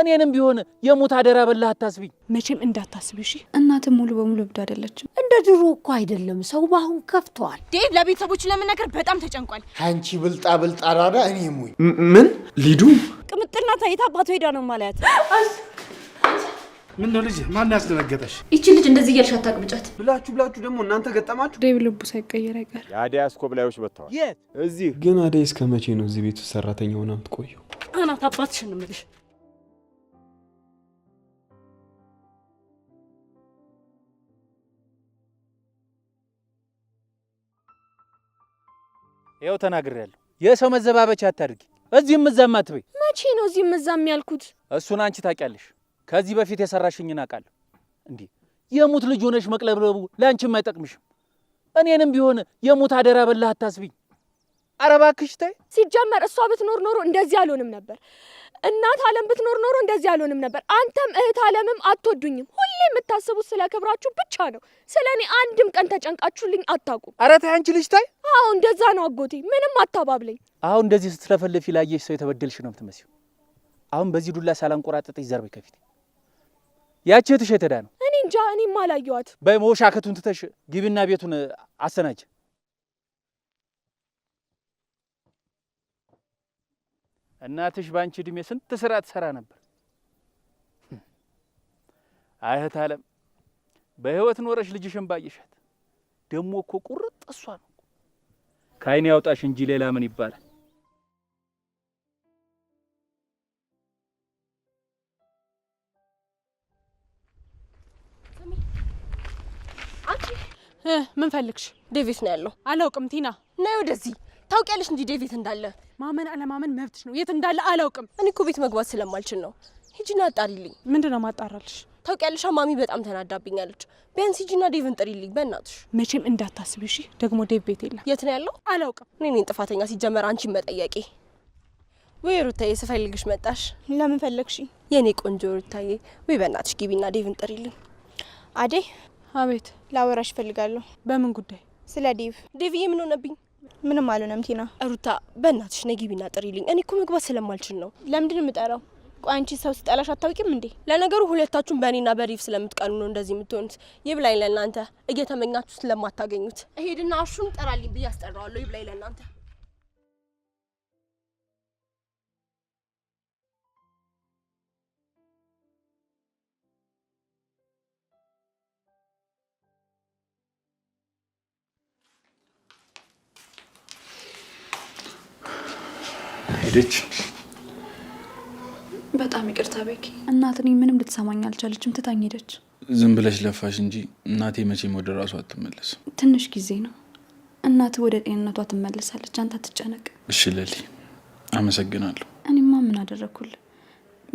እኔንም ቢሆን የሞት አደራ በላ አታስቢኝ። መቼም እንዳታስቢ እሺ። እናትም ሙሉ በሙሉ እብድ አይደለችም። እንደ ድሮ እኮ አይደለም ሰው በአሁን ከፍተዋል። ዴቭ ለምን ነገር በጣም ተጨንቋል። አንቺ ብልጣ ብልጣ ራዳ እኔ ሙኝ ምን ሊዱ ቅምጥና ታይታ አባቱ ሄዳ ነው ማለት ምን ነው ልጅ ማን ያስደነገጠሽ? ይቺ ልጅ እንደዚህ እያልሽ አታቅብጫት ብላችሁ ብላችሁ ደግሞ እናንተ ገጠማችሁ። ዴቭ ልቡ ሳይቀየር አይቀር። የአደይ አስኮብላዮች መጥተዋል። የት እዚህ ግን አደይ እስከ መቼ ነው እዚህ ቤት ውስጥ ሰራተኛ ሆና የምትቆየው? አናት አባትሽን እምልሽ ያው ተናግሬያለሁ። የሰው መዘባበቻ አታድርጊ። እዚህም እዛም አትበይ። መቼ ነው እዚህም እዛም ያልኩት? እሱን አንቺ ታውቂያለሽ። ከዚህ በፊት የሰራሽኝን አውቃለሁ። እንዴ የሙት ልጅ ሆነሽ መቅለብለቡ ለአንቺም አይጠቅምሽም። እኔንም ቢሆን የሙት አደራ በላህ አታስቢኝ። ኧረ እባክሽ ተይ። ሲጀመር እሷ ብትኖር ኖሮ እንደዚህ አልሆንም ነበር። እናት አለም ብትኖር ኖሮ እንደዚህ አልሆንም ነበር። አንተም እህት አለምም አትወዱኝም። ሁሌ የምታስቡት ስለ ክብራችሁ ብቻ ነው። ስለ እኔ አንድም ቀን ተጨንቃችሁልኝ አታውቁም። ኧረ ተይ አንቺ ልጅ ተይ። አዎ እንደዛ ነው አጎቴ። ምንም አታባብለኝ። አሁን እንደዚህ ስትለፈልፊ ላየሽ ሰው የተበደልሽ ነው የምትመስይው። አሁን በዚህ ዱላ ሳላንቆራጠጥሽ ዘርበኝ ከፊቴ ያቺ እህትሽ የት ሄዳ ነው? እኔ እንጃ፣ እኔም አላየኋት። በመወሻከቱን ትተሽ ግቢና ቤቱን አሰናጅ። እናትሽ በአንቺ እድሜ ስንት ስራ ትሰራ ነበር። አይህት አለም በህይወት ኖረሽ ልጅሽን ባየሻት። ደግሞ እኮ ቁርጥ እሷ ነው። ከአይኔ ያውጣሽ እንጂ ሌላ ምን ይባላል? ምን ፈልግሽ? ዴቪት ነው ያለው። አላውቅም። ቲና ነይ ወደዚህ። ታውቂያለሽ እንጂ ዴቪት እንዳለ። ማመን አለማመን መብትሽ ነው። የት እንዳለ አላውቅም። እኔ እኮ ቤት መግባት ስለማልችል ነው። ሂጂና አጣሪልኝ። ምንድን ነው ማጣራልሽ? ታውቂያለሽ ማሚ በጣም ተናዳብኛለች። ቢያንስ ሂጂና ዴቭን ጥሪልኝ በእናትሽ። መቼም እንዳታስብ እሺ። ደግሞ ዴቭ ቤት የለም። የት ነው ያለው? አላውቅም። እኔ ነኝ ጥፋተኛ ሲጀመር አንቺን መጠየቄ። ወይ ሩታዬ፣ ስፈልግሽ መጣሽ። ለምን ፈለግሽ? የእኔ ቆንጆ ሩታዬ፣ ወይ በእናትሽ ግቢና ዴቭን ጥሪልኝ። አዴ አቤት። ላወራሽ እፈልጋለሁ። በምን ጉዳይ? ስለ ዴቭ። ዴቭዬ ምን ሆነብኝ? ምንም አልሆነም ቲና። ሩታ በእናትሽ ነጊቢና ጥሪልኝ። እኔ እኮ መግባት ስለማልችል ነው። ለምንድን የምጠራው? አንቺ ሰው ሲጠላሽ አታውቂም እንዴ? ለነገሩ ሁለታችሁም በእኔና በሪፍ ስለምትቀኑ ነው እንደዚህ የምትሆኑት። ይብላኝ ለእናንተ፣ እየተመኛችሁ ስለማታገኙት። እሄድና አሹን ጠራልኝ ብዬ አስጠራዋለሁ። ይብላኝ ለእናንተ ሄደች። በጣም ይቅርታ ቤኪ። እናት እኔ ምንም ልትሰማኝ አልቻለችም፣ ትታኝ ሄደች። ዝም ብለሽ ለፋሽ እንጂ እናቴ መቼም ወደ ራሷ አትመለስም። ትንሽ ጊዜ ነው፣ እናት ወደ ጤንነቷ ትመለሳለች። አንተ አትጨነቅ እሺ። ለሊ አመሰግናለሁ። እኔማ ምን አደረግኩል?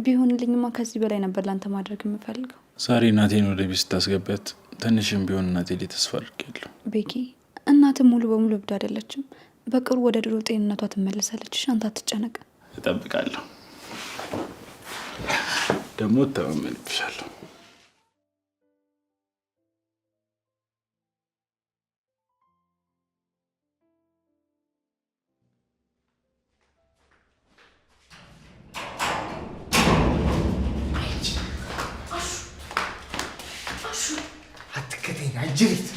ቢሆንልኝማ ከዚህ በላይ ነበር ለአንተ ማድረግ የምፈልገው። ዛሬ እናቴን ወደ ቤት ስታስገቢያት ትንሽም ቢሆን እናቴ ላይ ተስፋ አድርጌያለሁ ቤኪ። እናትም ሙሉ በሙሉ እብድ አይደለችም። በቅርቡ ወደ ድሮ ጤንነቷ ትመለሳለች። አንተ አትጨነቅ። እጠብቃለሁ። ደግሞ እተማመንብሻለሁ። አትከተኝ አጅሪት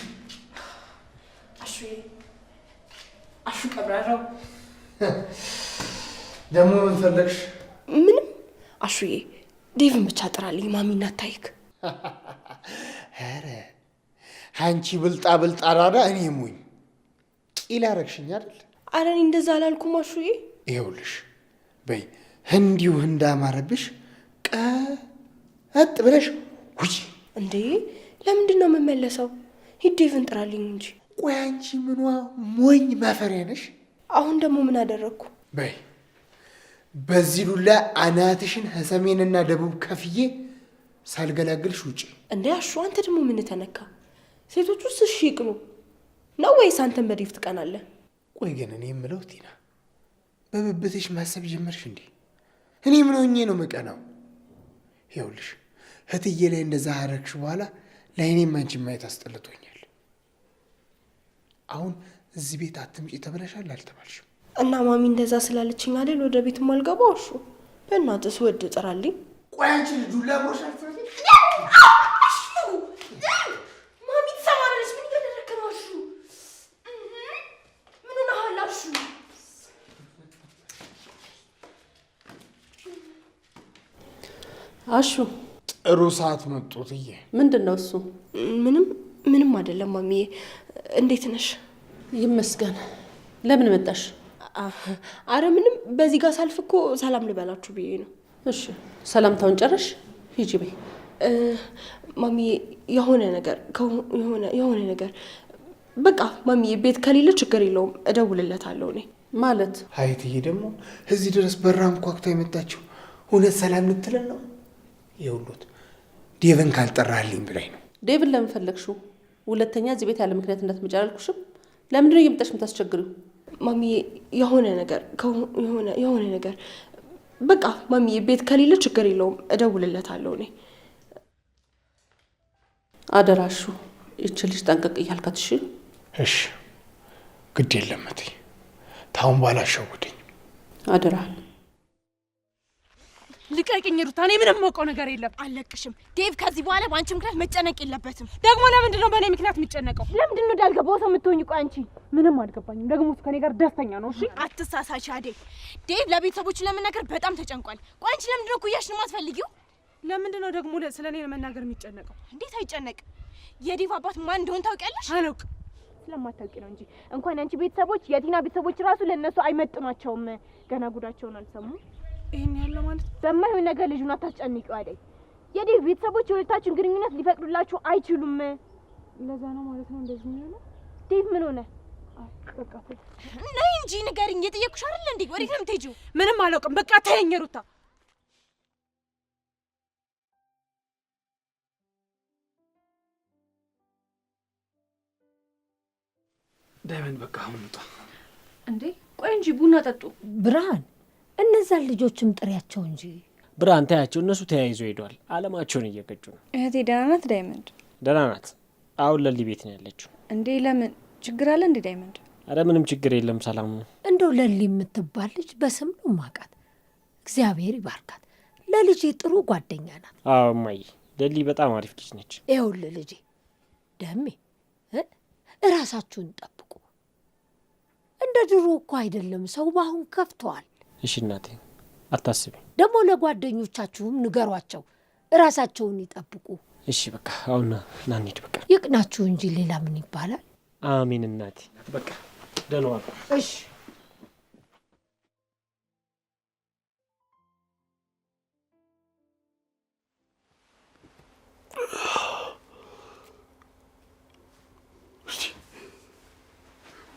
ደግሞ ምን ፈለግሽ? ምንም አሹዬ፣ ዴቭን ብቻ ጥራልኝ። ማሚ እናታይክ። ኧረ አንቺ ብልጣ ብልጣ ራዳ እኔ ሙኝ ቂል አረግሽኝ አይደል? ኧረ እኔ እንደዛ አላልኩም አሹዬ። ይኸውልሽ በይ እንዲሁ እንዳማረብሽ ቀጥ ብለሽ ውይ። እንዴ ለምንድን ነው የምመለሰው? ሂድ ዴቭን ጥራልኝ እንጂ። ቆይ አንቺ ምኗ ሞኝ መፈሪያ ነሽ? አሁን ደግሞ ምን አደረግኩ? በይ በዚህ ዱላ አናትሽን ሰሜንና ደቡብ ከፍዬ ሳልገላግልሽ ውጭ እንደ አሹ አንተ ደግሞ ምን ተነካ? ሴቶቹ ስሺ ይቅኑ ነው ወይስ አንተን በዲፍ ትቀናለህ? ቆይ ግን እኔ የምለው ቲና፣ በብብትሽ ማሰብ ጀመርሽ እንዴ? እኔ ምን ሆኜ ነው መቀናው? ይኸውልሽ እህትዬ ላይ እንደዛ አረግሽ በኋላ ለአይኔም አንቺን ማየት አስጠልቶኛል አሁን እዚህ ቤት አትምጪ ተብለሻል አልተባልሽም? እና ማሚ እንደዛ ስላለችኝ አይደል ወደ ቤት ማልገባው? እሹ በእናትህ ስወድ ጥራልኝ። ቆይ አንቺ ልጁ አሹ ጥሩ ሰዓት መጡት። እዬ ምንድን ነው እሱ? ምንም ምንም አይደለም ማሚዬ፣ እንዴት ነሽ? ይመስገን። ለምን መጣሽ? አረ ምንም፣ በዚህ ጋር ሳልፍ እኮ ሰላም ልበላችሁ ብዬ ነው። እሺ፣ ሰላምታውን ጨረሽ ሂጂ በይ። ማሚ የሆነ ነገር የሆነ ነገር በቃ ማሚ ቤት ከሌለ ችግር የለውም እደውልለታለሁ። እኔ ማለት ሀይትዬ ደግሞ እዚህ ድረስ በራም ኳክታ የመጣችው እውነት ሰላም ልትለን ነው። የውሎት ዴቭን ካልጠራልኝ ብላኝ ነው። ዴቭን ለምን ፈለግሽው? ሁለተኛ እዚህ ቤት ያለ ምክንያት እንዳትመጪ አላልኩሽም? ለምንድን ነው እየመጣሽ የምታስቸግሪው? ማሚዬ የሆነ ነገር የሆነ ነገር በቃ ማሚዬ ቤት ከሌለ ችግር የለውም እደውልለታለሁ። እኔ አደራሹ ይች ልጅ ጠንቀቅ እያልካት እሺ፣ እሺ ግድ የለም እቴ፣ ታሁን ባላሸውድኝ አሸውደኝ አደራህን። ልቀቅኝ ሩታ፣ እኔ ምንም የማውቀው ነገር የለም። አለቅሽም ዴቭ። ከዚህ በኋላ በአንቺ ምክንያት መጨነቅ የለበትም። ደግሞ ለምንድን ነው በእኔ ምክንያት የሚጨነቀው? ለምንድን ነው እንዳልገባው ሰው የምትሆኝ? ቆይ አንቺ ምንም አልገባኝም። ደግሞ እሱ ከኔ ጋር ደስተኛ ነው። እሺ አትሳሳሽ አዴ። ዴቭ ለቤተሰቦቹ ለመናገር በጣም ተጨንቋል። ቆይ አንቺ ለምንድን ነው ኩያሽ ነው የማትፈልጊው? ለምንድን ነው ደግሞ ስለ እኔ ለመናገር የሚጨነቀው? እንዴት አይጨነቅም? የዴቭ አባት ማን እንደሆን ታውቂያለሽ? አላውቅም። ስለማታውቂ ነው እንጂ እንኳን አንቺ ቤተሰቦች፣ የቲና ቤተሰቦች ራሱ ለእነሱ አይመጥኗቸውም። ገና ጉዳቸውን አልሰሙም። ይሄን ያለ ማለት በማይሆን ነገር ልጁን አታስጨንቂው አይደል? የዴቭ ቤተሰቦች የሁለታችሁን ግንኙነት ሊፈቅዱላችሁ አይችሉም። ለዛ ነው ማለት ነው እንደዚህ የሚሆነው። ዴቭ ምን ሆነ? ነይ እንጂ ንገሪኝ። የጠየኩሽ አይደል እንዴ? ወዴት ነው የምትሄጂው? ምንም አላውቅም። በቃ ተይኝ ሩታ። ዳይመንድ በቃ አሁን እንውጣ። እንዴ ቆይ እንጂ ቡና ጠጡ። ብርሃን እነዛን ልጆችም ጥሪያቸው እንጂ ብርሃን ታያቸው፣ እነሱ ተያይዞ ሄደዋል። አለማቸውን እየቀጩ ነው። እህቴ ደህና ናት? ዳይመንድ ደህና ናት። አሁን ለሊ ቤት ነው ያለችው። እንዴ ለምን ችግር አለ እንዴ? ዳይመንድ አረ ምንም ችግር የለም ሰላም ነው። እንደው ለሊ የምትባል ልጅ በስም ነው እግዚአብሔር ይባርካት። ለልጄ ጥሩ ጓደኛ ናት። አዎ እማዬ፣ ለሊ በጣም አሪፍ ልጅ ነች። ይኸውልህ ልጄ ደሜ፣ እራሳችሁን ጠብቁ። እንደ ድሮ እኮ አይደለም ሰው በአሁን ከፍተዋል። እሺ እናቴ አታስቢ። ደግሞ ለጓደኞቻችሁም ንገሯቸው፣ እራሳቸውን ይጠብቁ። እሺ በቃ አሁን ና እንሂድ። በቃ ይቅናችሁ እንጂ ሌላ ምን ይባላል? አሚን እናቴ። በቃ ደህና ዋሉ። እሺ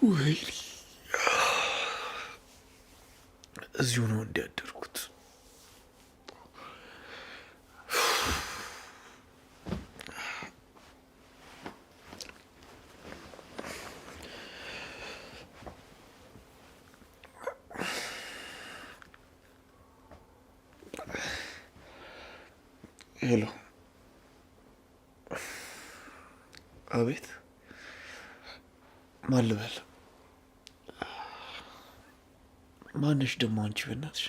ወይ እዚሁ ነው እንዲያደርጉት። ሄሎ፣ አቤት። ማን ልበል? ማነሽ ደሞ አንቺ በእናትሽ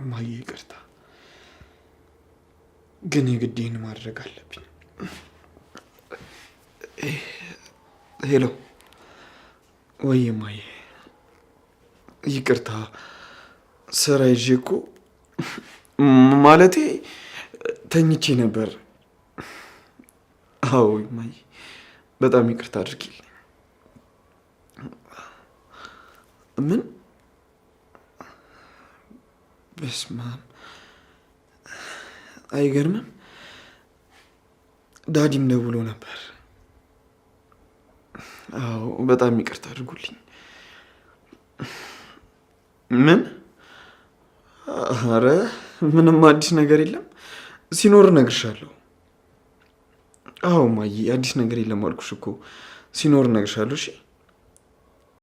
እማዬ ይቅርታ፣ ግን የግዴን ማድረግ አለብኝ። ሄሎ፣ ወይ እማዬ፣ ይቅርታ ስራ ይዤ እኮ ማለቴ ተኝቼ ነበር። አዎ እማዬ፣ በጣም ይቅርታ አድርጊልኝ። ምን በስማም አይገርምም? ዳዲም ደውሎ ነበር። አዎ በጣም ይቅርታ አድርጉልኝ። ምን? አረ ምንም አዲስ ነገር የለም። ሲኖር እነግርሻለሁ። አዎ ማዬ፣ አዲስ ነገር የለም አልኩሽ እኮ ሲኖር እነግርሻለሁ። እሺ